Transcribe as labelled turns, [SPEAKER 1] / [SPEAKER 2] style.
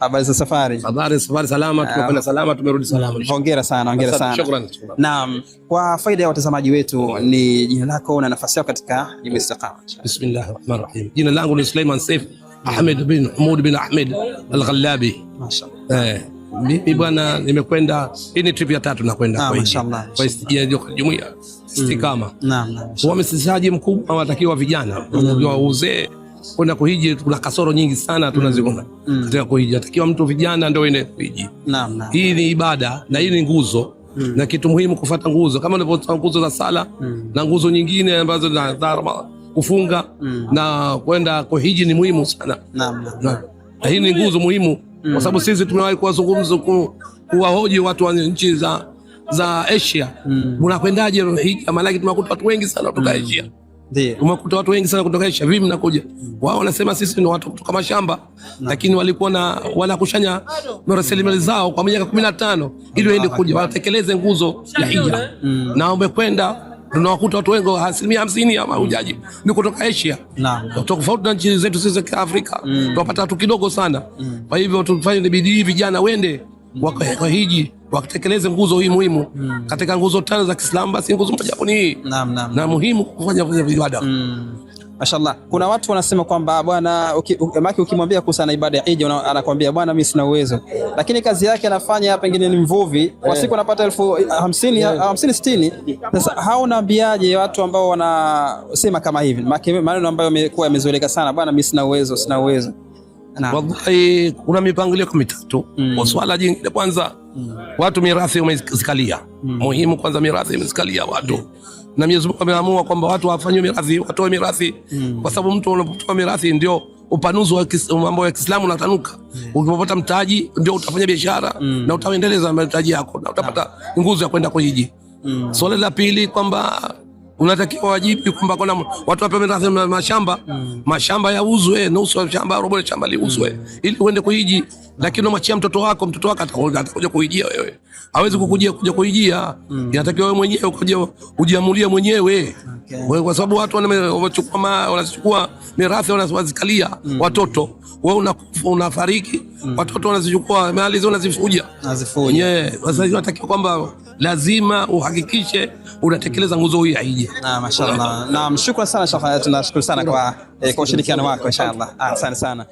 [SPEAKER 1] Habari za safari.
[SPEAKER 2] Habari safari salama, ah. tumekwenda salama, tumerudi salama.
[SPEAKER 1] Hongera sana, hongera sana. Shukrani. Naam. Kwa faida ya watazamaji wetu ni jina lako na nafasi yako katika Jumuiya Istiqama.
[SPEAKER 2] Bismillahir Rahmanir Rahim. Jina langu ni Suleiman Saif Ahmed bin Hamoud bin Ahmed Al-Ghallabi.
[SPEAKER 1] Mashaallah.
[SPEAKER 2] Eh, mimi bwana nimekwenda, hii ni trip ya tatu nakwenda
[SPEAKER 1] ah, kwa hii. Mashaallah.
[SPEAKER 2] Kwa Jumuiya mm. Istiqama. Naam, naam. Wamesishaji mkubwa watakiwa vijana, unajua mm. uzee kwenda kuhiji, kuna kasoro nyingi sana mm. tunaziona mm. katika kuhiji. atakiwa mtu vijana ndio ende kuhiji. Naam, naam. Hii ni ibada na hii ni nguzo Hmm. na kitu muhimu kufata nguzo kama unavyotoa nguzo za sala hmm. na nguzo nyingine ambazo na kufunga hmm. na kwenda kuhiji ni muhimu sana. Naam, naam. Na, na hii ni nguzo muhimu hmm. kwa sababu sisi tumewahi kuwazungumza kuwahoji watu wa nchi za za Asia, mm. mnakwendaje hmm. hija? Maanake tumekuta watu wengi sana kutoka hmm. Asia umekuta watu wengi sana kutoka vipi mnakuja wao wanasema sisi ni watu kutoka mashamba, lakini walikuwa na wanakushanya rasilimali zao kwa miaka 15 ili waende kuja watekeleze nguzo ya hija eh? na umekwenda tunawakuta watu wengi asilimia hamsini ya mahujaji ni kutoka Asia, tofauti na nchi zetu sisi Afrika mm. tunapata watu kidogo sana. Mm. Kwa hivyo tufanye bidii, vijana wende mm. wakahiji watekeleze nguzo hii muhimu mm. katika nguzo tano za Kiislamu, basi nguzo moja hapo ni hii naam, naam, na muhimu kufanya kufanya ibada
[SPEAKER 1] mm. Mashallah, kuna watu wanasema kwamba bwana uki, maki ukimwambia kuhusu na ibada ya Eid anakuambia bwana, mimi sina uwezo, lakini kazi yake anafanya pengine ni mvuvi kwa yeah. siku anapata elfu eh, hamsini yeah. Eh. hamsini sitini. Sasa hao unaambiaje watu ambao wanasema kama hivi, maneno ambayo yamekuwa yamezoeleka sana, bwana, mimi sina uwezo, sina uwezo?
[SPEAKER 2] Wallahi, kuna mipangilio mitatu mm. kwa swala jingine kwanza Mm. Watu mirathi umezikalia, mm. muhimu kwanza, mirathi imezikalia watu mm. na Mwenyezi Mungu ameamua kwamba watu wafanywe mirathi, watoe mirathi mm. kwa sababu mtu unapotoa mirathi ndio upanuzi wa mambo ya Kiislamu unatanuka yeah. ukipopata mtaji ndio utafanya biashara mm. na utaendeleza mtaji yako na utapata ah. nguvu ya kwenda kujiji mm. Swali la pili kwamba unatakiwa wajibu kwamba kuna watu wapewe mashamba mm. mashamba yauzwe, nusu shamba robo shamba liuzwe mm. ili uende kuiji, lakini umwachia mtoto wako, mtoto wako atakuja kuijia wewe, hawezi kukujia kuja kuijia mm. inatakiwa wewe mwenyewe ukaje ujiamulie mwenyewe okay. kwa sababu watu wanachukua wanachukua mirathi wanazikalia mm. watoto wewe unafariki mm. watoto wanazichukua mali zao nazifuja
[SPEAKER 1] nazifuja
[SPEAKER 2] yeah. mm. inatakiwa kwamba lazima uhakikishe unatekeleza nguzo hii haije.
[SPEAKER 1] Na mashallah. naam, shukran sana shekhe, tunashukuru sana eh, kwa ushirikiano wako, inshallah, asante sana.